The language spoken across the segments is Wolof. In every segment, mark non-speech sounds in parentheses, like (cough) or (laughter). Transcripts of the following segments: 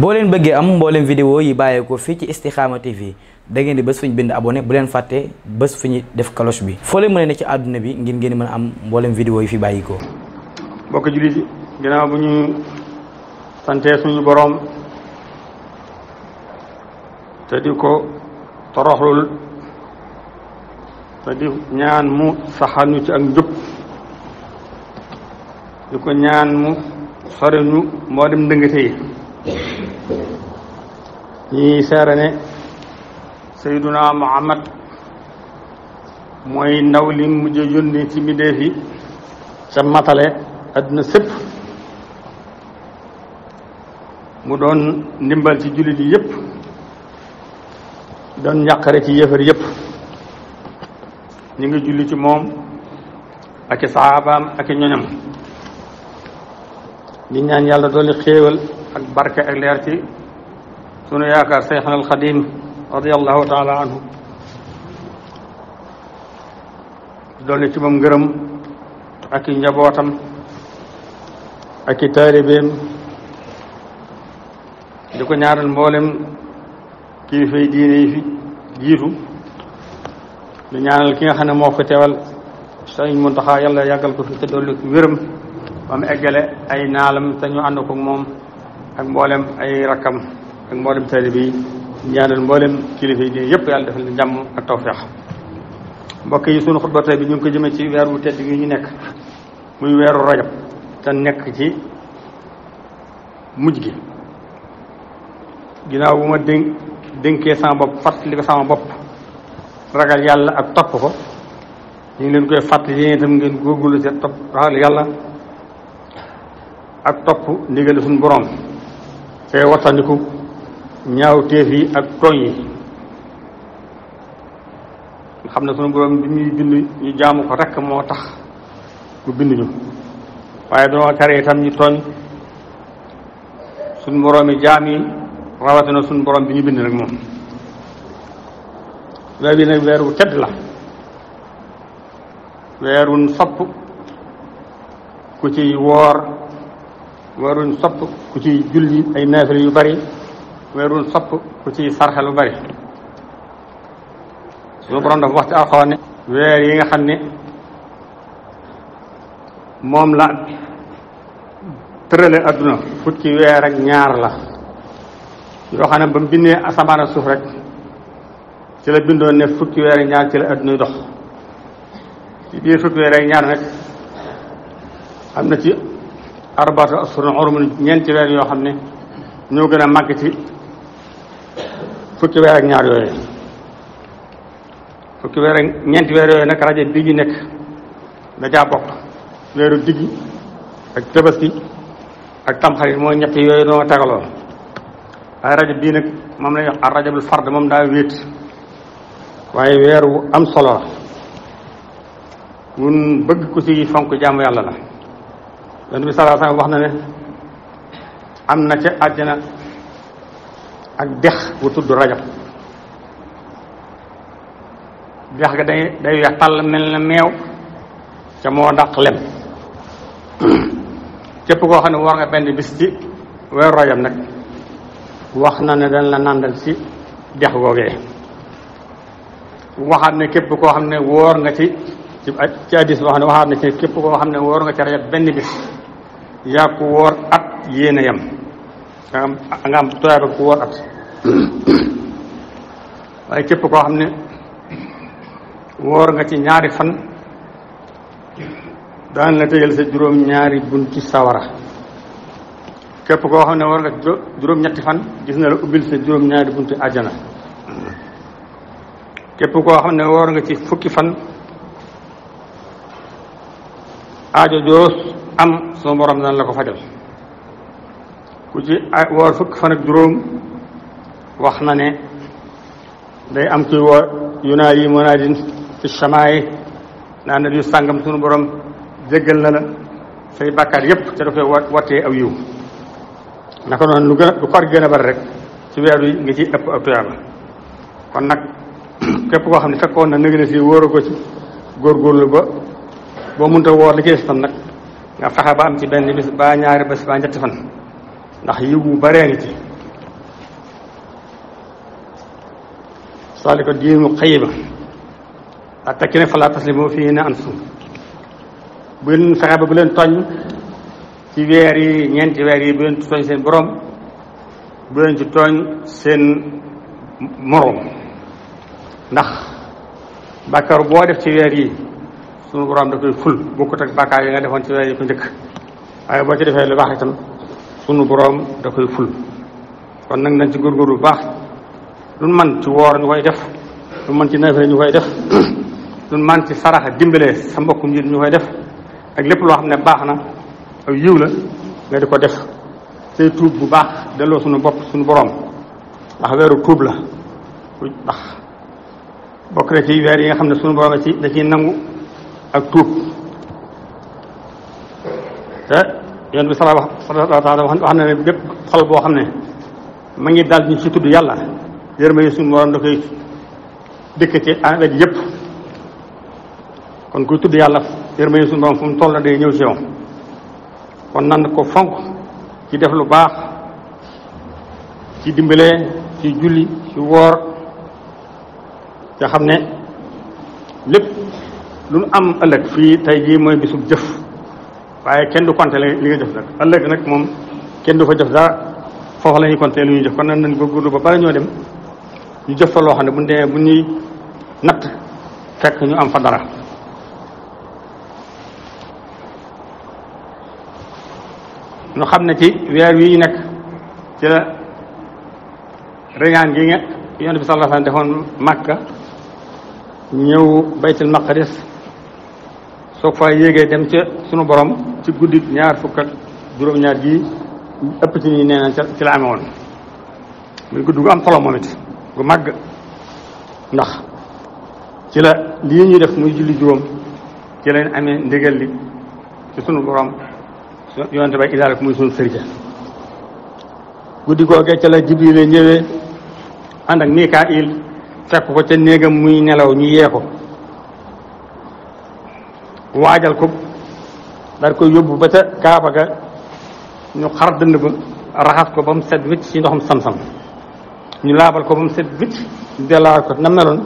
boo leen bëggee am mbooleem vidéo yi bàyyeekoo fii ci Istikhama TV da ngeen di bés fu ñu bind abonné bu leen fàtte bés fu ñu def cloche bi foo leen mën a ci àdduna bi ngir ngeen mën am mbooleem vidéo yi fi bàyyikoo mbokk jullit yi ginnaaw bu ñu santee suñu ko toroxlul ci ak njub di ko ñaan mu sore moo dem ndëngate ñi seere ne sayduna muhammad mooy ndaw li mujj yónni ci mbindéef yi ca matale àdduna sëpp mu doon ndimbal ci jullit yi yëpp doon njàqare ci yéefar yëpp ñu ngi julli ci moom ak i ak i di ñaan yàlla dooli xéewal ak barke ak sunu yaakaar seyxan alxadim radiallahu taala anhu dolli ci moom ngërëm ak i njabootam ak i taalibeem di ko ñaanal mboolem kilifay diine yi fi jiitu di ñaanal ki nga xam ne moo fi teewal sëriñ Muntaxa yàlla yàggal ko fi te dolli ko wéram ba eggale ay naalam te ñu ànd ko moom ak mboolem ay rakkam ak mboolem taalibe bi ñaanal mboolem kilifa yi yëpp yàlla defal na jàmm ak tawfeex mbokk yi sunu xutba bi ñu ngi ko jëmee ci weer wu tedd gi ñu nekk muy weeru rajab te nekk ci mujj gi ginnaaw bu ma dénk dénkee sama bopp fàttali ko sama bopp ragal yàlla ak topp ko ñu ngi leen fàttali ngeen góorgóorlu ci yàlla ak topp ndigal suñu borom te wattandiku ñaaw téef yi ak tooñ yi xam ne sunu borom bi ñuy bind ñu jaamu ko rekk moo tax mu bind ñu waaye dañoo tere itam ñu tooñ suñ boroomi jaam yi rawatina suñ borom bi ñu bind nag moom weer bi nag la weerun sopp ku ciy woor weerun sopp ku ciy julli ay naafila yu bari weerul sopp ku ci sarxe lu bari suñu borom dafa wax ci alxuraan ne weer yi nga xam ne moom la tërale adduna ci weer ak ñaar la yoo xam ne ba mu bindee asamaan ak suuf rek ci la bindoon ne ci weer ak ñaar ci la addunay dox ci biir fukki weer ak ñaar nag am na ci arbaatu ashurun xurum ñeenti weer yoo xam ne ñoo gën a màgg ci fukki weer ak ñaar yooyu fukki weer ak ñeenti weer yooyu nag rajo bi ñu nekk da caa bokk weeru diggi ak tabaski ak tamxarit mooy ñett yooyu noo tegaloo waaye rajab bii nag moom la ñuy rajo ar far fard moom daa wéet waaye weer am solo mun bëgg ku ci fonk jaamu yàlla la yonent bi sallallahu wax na ne am na ca àjjana ak dex bu tudd rajab dex ga day day weex tàll mel na meew ca moo daq lem (clears throat) képp koo xam ne war nga benn bis ci weeru rajab nag wax na ne dañ la nàndal ci dex googee waxaat ne képp koo xam ne woor nga ci ci addis boo xam ne waxaat ne képp koo xam ne woor nga ci rajab benn bis yaa ko woor at yéen a yem nga am nga ku woor at waaye képp koo xam ne woor nga ci ñaari fan daan la sa juróom ñaari bunti sawara képp koo xam ne woor nga juróom fan gis na la juróom ñaari bunti àjjana képp koo xam ne woor nga ci fukki fan aajo joo am soo borom daan la ko fajal ku ci woor fukk fan ak juróom wax na ne day am kuy woor yunaadi munaadin ci samaay naan na du sangam sunu borom jéggal na la say bàkkaar yépp te da koy wattee aw yiw naka noonu lu gën lu kor gën a bari rek ci weer wi nga ci ëpp ab kon nag (clears throat) képp koo xam ne fekkoon na nëgëne si woor ko ci góorgóorlu ba boo mënta woor li ci des fan nag nga fexe ba am ci benn bis ba ñaari bés ba ñetti fan ndax yiwu baree ngi ci saalika diinu xayiba attaque ne falaa taslimu fii na anfusum bu leen fexe ba bu leen tooñ ci weer yi ñeenti weer yi bu leen tooñ seen borom bu leen ci tooñ seen moroom ndax bakaar boo def ci weer yi sunu borom da koy ful bokkut ak bàkkaar yi nga defoon ci weer yi ko njëkk waaye boo ci defee lu baax itam sunu boroom da koy ful kon nag nañ ci góorgóorlu bu baax lu man ci woor ñu koy def lu man ci nafila ñu koy def (clears throat) luñ man ci saraxa dimbalee sa mbokkum njiit ñu koy def ak lépp loo xam ne baax na aw yiw la nga di ko def say tuub bu baax delloo suñu bopp suñu boroom ndax weeru tuub la ndax bokk na weer yi xam ne suñu boroom a ci da ciy nangu ak tuub te eh? yoon bi sa sala taala wax na ne bépp xol boo xam ne ma ngi dal ñu ci tudd yàlla yërma yi suñu waroon dëkk ci wet yëpp kon koy tudd yàlla yërma yi suñu borom fu mu toll day ñëw ci yow kon nan ko fonk ci def lu baax ci dimbalee ci julli ci woor nga xam ne lépp lu nu am ëllëg fii tey jii mooy bisub jëf waaye kenn du compter li nga jëf nag ëllëg nag moom kenn du fa jëf dara foofu la ñuy lu ñuy jëf kon nag nañ góorgóorlu ba bala ñoo dem ñu jëf fa loo xam ne bu ñu bu ñuy natt fekk ñu am fa dara ñu xam ne ci weer wi ñu nekk ci la reñaan gi nga yonent bi sallallahu alayhi wa defoon Makka ñëw baytul maqdis soo fa yéegee dem ca sunu borom ci guddi ñaar fukk ak juróom-ñaar ji ëpp ci ñi nee na ci la amee woon muy guddi gu am solo gu màgg ndax ci la lii ñuy def muy julli juróom ci lañ amee ndigal li ci sunu borom yonente bay idaal ko muy sunu sëriñ guddi googee ca la Jibril ñëwee ànd ak Mikaayil fekk ko ca néegam muy nelaw ñu yee ko waajal ko daal koy yóbbu ba ca kaaba ga ñu xar dënd ba raxas ko ba mu sedd wicc ci ndoxum sam-sam ñu laabal ko ba mu set wicc dellaa ko na meloon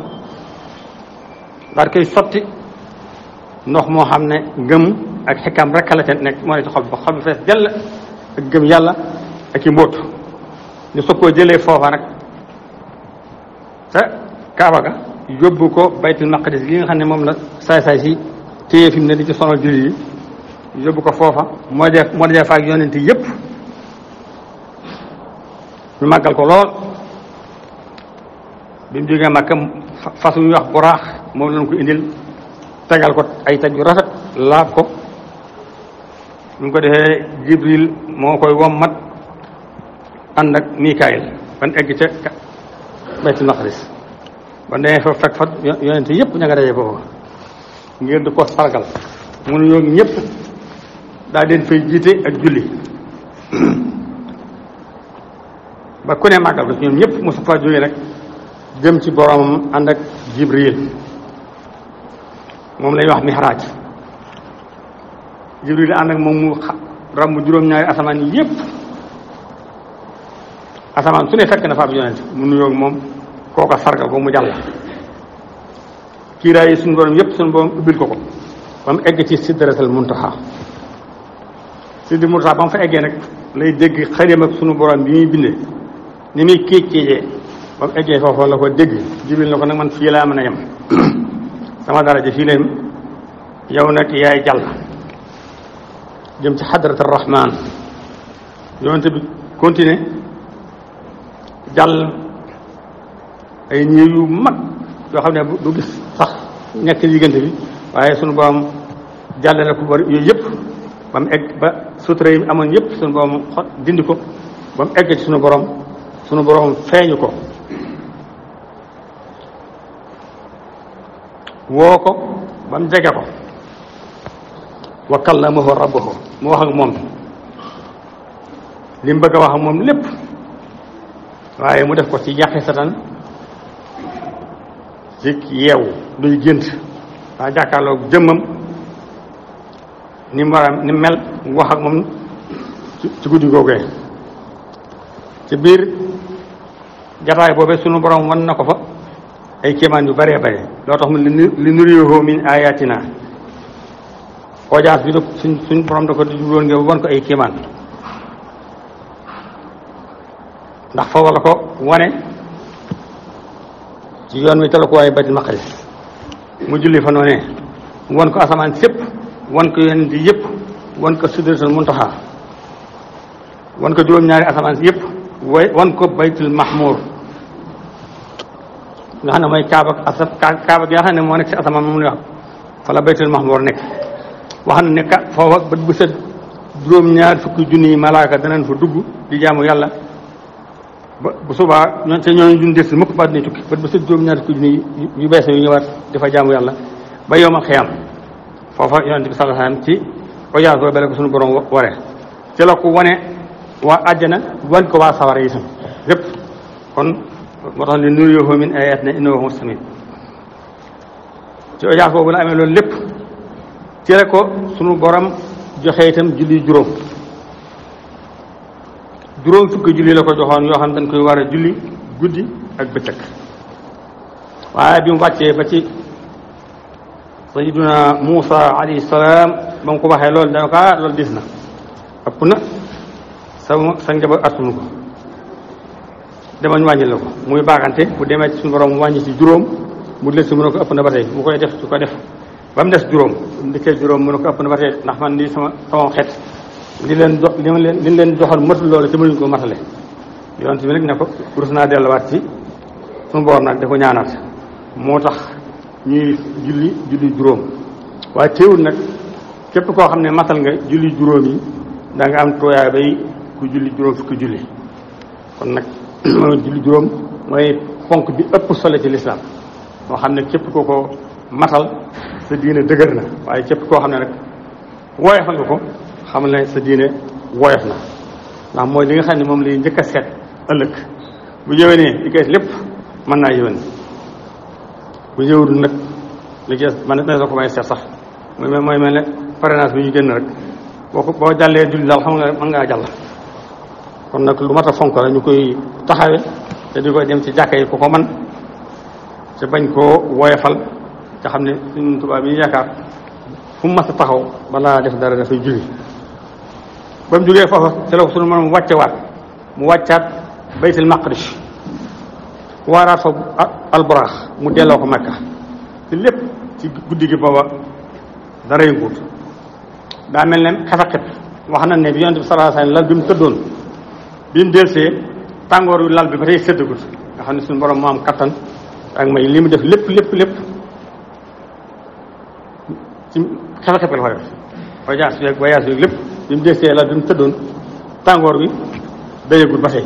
daal koy sotti ndox moo xam ne gëm ak xikam rek la nekk moo ne ci xol ba xol bi fees dell ak gëm yàlla ak i mbóot ñu soog koo jëlee foofa nag ca kaaba ga yóbbu ko baytul maqdis gi nga xam ne moom la saay saay si téye ne di ci sonal jullit yi yóbbu ko foofa moo def moo def ak yonent yëpp mu màggal ko lool bi mu jógee Màkka fas yu wax buraax moom lañ ko indil tegal ko ay taj yu rafet laab ko ñu ko defee Jibril moo koy wom wommat ànd ak Mikaayil ban egg ca Baytul Maqdis ban demee fa fekk fa yonent yëpp ña nga dajee foofu ngeen di ko sargal mu ne ñoom daa den fay jiite ak julli ba ku ne màggal ko ñoom ñëpp Moustapha jógee nag jëm ci boromam ànd ak Jibril moom lañuy wax mihraaj Jibril ànd ak moom mu ràmb juróom-ñaari asamaan yëpp asamaan su ne fekk na fa ab yonent mu nuyoo moom kooka sargal ko mu jàll kiiraay yi suñu borom yëpp suñu borom ubbil ko ko ba mu egg ci sidratul muntaha sidratul muntaha ba mu fa eggee nag lay dégg xarim ak suñu borom bi muy bindee ni muy kéecceejee ba mu eggee foofu la ko dégg jibil na ko nag man fii laa mën a yem (clears throat) sama daraja fii la yem yow nag yaay jàll jëm ci xadratul rahman yoonte bi continuer jàll ay ñëw yu mag yoo xam ne du gis nekk ci diggante bi waaye suñu boom jàllale ko bari yooyu yëpp ba mu egg ba sutura yi amoon yëpp sunu dindi ko ba mu egg ci sunu borom suñu borom feeñu ko woo ko ba mu jege ko wa kallamahu rabbuhu mu wax ak moom li mu bëgg a wax moom lépp waaye mu def ko ci jaxe satan di yeewu duy gént daa jàkkaarloog jëmmam ni mu ni mel mu wax ak moom ci guddi googee ci biir jataay boobee sunu borom wan na ko fa ay kéemaan yu bare bëri loo tax mu li nuriyahu min ayatina audience bi da suñ suñ borom da ko jubloon ngeen wan ko ay kéemaan ndax fa wala ko wane ci yoon wi tolluwaay baytul maqdis mu julli fa noonee wan ko asamaan sépp wan ko yonent yëpp wan ko sidratul muntaha wan ko juróom-ñaari asamaan yépp way wan ko baytul mahmur nga xam ne mooy kaaba asa kaaba gi xam ne moo nekk si asamaan moom la wax fa la baytul mahmur nekk wax na ne ka foofa bët bu set juróom-ñaar fukki junniy malaaka danañ fa dugg di jaamu yàlla ba bu subaa ñoon te ñooñu duñ des mukk ba àddina tukki ba ba sa juróom-ñaari ko junni yu bees yu ñëwaat dafa jaamu yàlla ba yow ma xiyam foofa yonent bi sallallahu alayhi wasallam ci ojaas boo bele ko ko wane waa àjjana wan ko waa kon moo tax ne nuriihim boobu la amee loolu lépp ci la suñu borom joxe itam julli juróom juróom fukk julli la ko joxoon yoo xam ne dañ koy war a julli guddi ak bëccëg waaye bi mu wàccee ba ci sayiduna Muusa alayhi salaam ba mu ko waxee loolu dañu ko ah loolu dis na ëpp na sama sa njaboot attunu ko dama ñu wàññi la ko muy baaxante bu demee ci juróom mu dile si mu ëpp na ba tey koy def su ko def ba mu juróom mu dikkee juróom mu ne ko ndax man lii sama xet li leen do li ma leen li leen joxal matul loolu te mënuñ ko matale yonent bi nag ne ko rus naa delluwaat ci suñu boor nag da ko ñaanaat moo tax ñuy julli juróom waaye teewul nag képp koo xam ne matal nga julli juróom yi da am tooyaa bay ku juróom fukki julli kon nag (clears throat) julli juróom mooy ponk bi ëpp solo ci lislaam moo xam ne képp koo ko matal sa diine dëgër na waaye képp koo xam ne rek woyefal nga ko xam ne sa diine woyof na ndax mooy li nga xam ne moom lay njëkk a seet ëllëg bu yéwénee li koy lépp mën naa yéwén bu yéwul nag li ci man na soo ko may seet sax mooy mooy mel ne parrainage bi ñu génn rek boo ko boo jàllee julli daal nga mën ngaa jàll kon nag lu mat a fonk la ñu koy taxawe te di koy dem ci jàkka yi ku ko man te bañ koo woyofal te xam ne suñu tubaab yi yaakaar fu mu mas a taxaw balaa def dara dafay julli ba mu jógee foofa ci la ko sunu moroom wàcce waat mu wàccaat baytul maqdis waaraat fa alburaax mu delloo ko makka te lépp ci guddi gi booba dara yënguut daa mel ne xefaqet wax na ne bi yonent bi sallallahu alayhi wasallam lal bi mu tëddoon bi mu delsee tàngoor yu lal bi ba tey séddagul nga xam ne suñu borom moo am kattan ak may li mu def lépp lépp lépp ci xefaqet la ko def voyage yeeg lépp bi mu desee la bi mu tëddoon tàngoor bi dayagul ba tey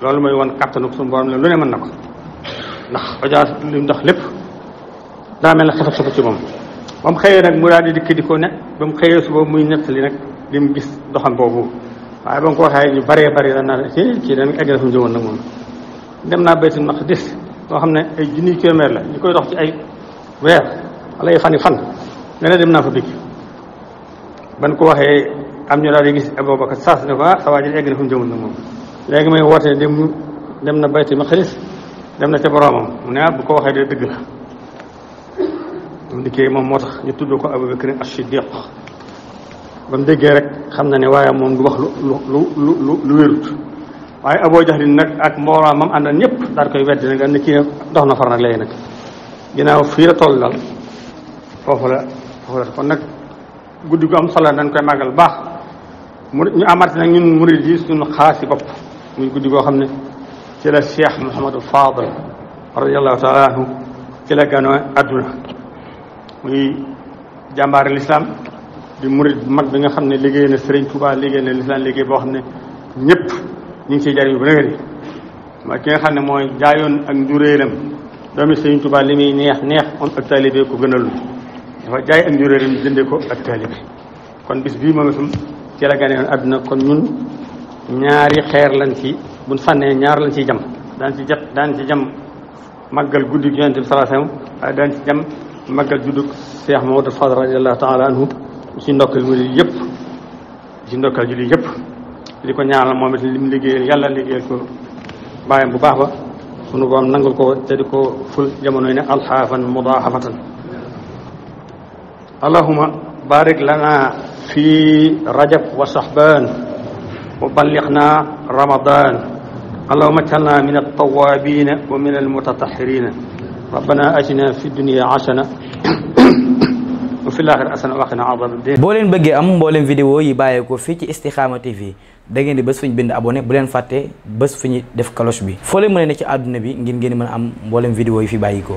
loolu mooy won kàttanu suñu borom ne lu ne mën na ko ndax ojaas li ndax lépp daa mel ne xefat ci moom ba mu xëyee nag mu daal di dikk di ko ne ba mu xëyee suba muy nettali nag li mu gis doxam boobu waaye ba nga ko waxee ñu baree bari la naa ci ci dem egg na fa mu nag moom dem naa baytul maqdis loo xam ne ay junniy kilomètre la ñu koy dox ci ay weer wala ay fan yi fan nga ne dem naa ko waxee am ñu daal di gis Aboubacar saas na ko ah sa waa ji egg na fu mu jëmul na moom léegi may woote dem dem na bayti maqdis dem na ca boroomam mu ne ah bu ko waxee de dëgg la moom moo tax ñu tudd ko Aboubacar as-Siddiq ba mu déggee rek xam na ne waaye moom du wax lu lu lu lu lu wérut waaye Aboo Jahlin nag ak mbooloo mam àndal ñëpp daal koy weddi nag ne kii dox na far nag léegi nag ginnaaw fii la toll daal foofu la foofu la kon nag guddi gu am solo dañ koy màggal baax mu ñu amati nag ñun murid yi suñu xaasi bopp muy guddi goo xam ne ci la Cheikh Mouhamadou Fadal radiallahu taala anhu ci la gano adduna muy jàmbaari lislaam di murid mag bi nga xam ne liggéey na Serigne Touba liggéey na lislaam liggéey boo xam ne ñëpp ñu ngi ciy jariñu ki nga xam ne mooy jaayoon ak njuréeram doomi Serigne Touba li muy neex neex on ak taalibe ko gënalul dafa jaay ak njuréeram jënde ko ak taalibe kon bis moom itam ci la gane woon àdduna kon ñun ñaari xeer lañ ci buñ sànnee ñaar lañ ci jam daan ci jot daan ci jam màggal guddi yonent bi sallallahu alayhi wasallam waaye daan ci jam màggal juddug Cheikh Mamadou Fadl radiyallahu ndokkal mu yëpp ci ndokkal julli yëpp di ko ñaanal moom it li mu liggéeyal yàlla liggéeyal ko bàyyam bu baax ba sunu boom nangul ko te di ko ful jamonoy ne alxaafan mudaxafatan allahuma barik lana fi rajab wa sahban wa ballighna ramadan allahumma ij'alna min at-tawwabin wa min al-mutatahhirin rabbana atina fi dunya hasana wa fil akhirati hasana wa qina adhaban boo leen bëggee am mbooleem vidéo yi bàyyeekoo fii ci Istikhama TV da ngeen di bés fu ñu bind bu leen fàtte bés fu ñu def cloche bi foo leen mën ne ci àdduna bi ngir ngeen mën a am mbooleem vidéo yi fi bàyyikoo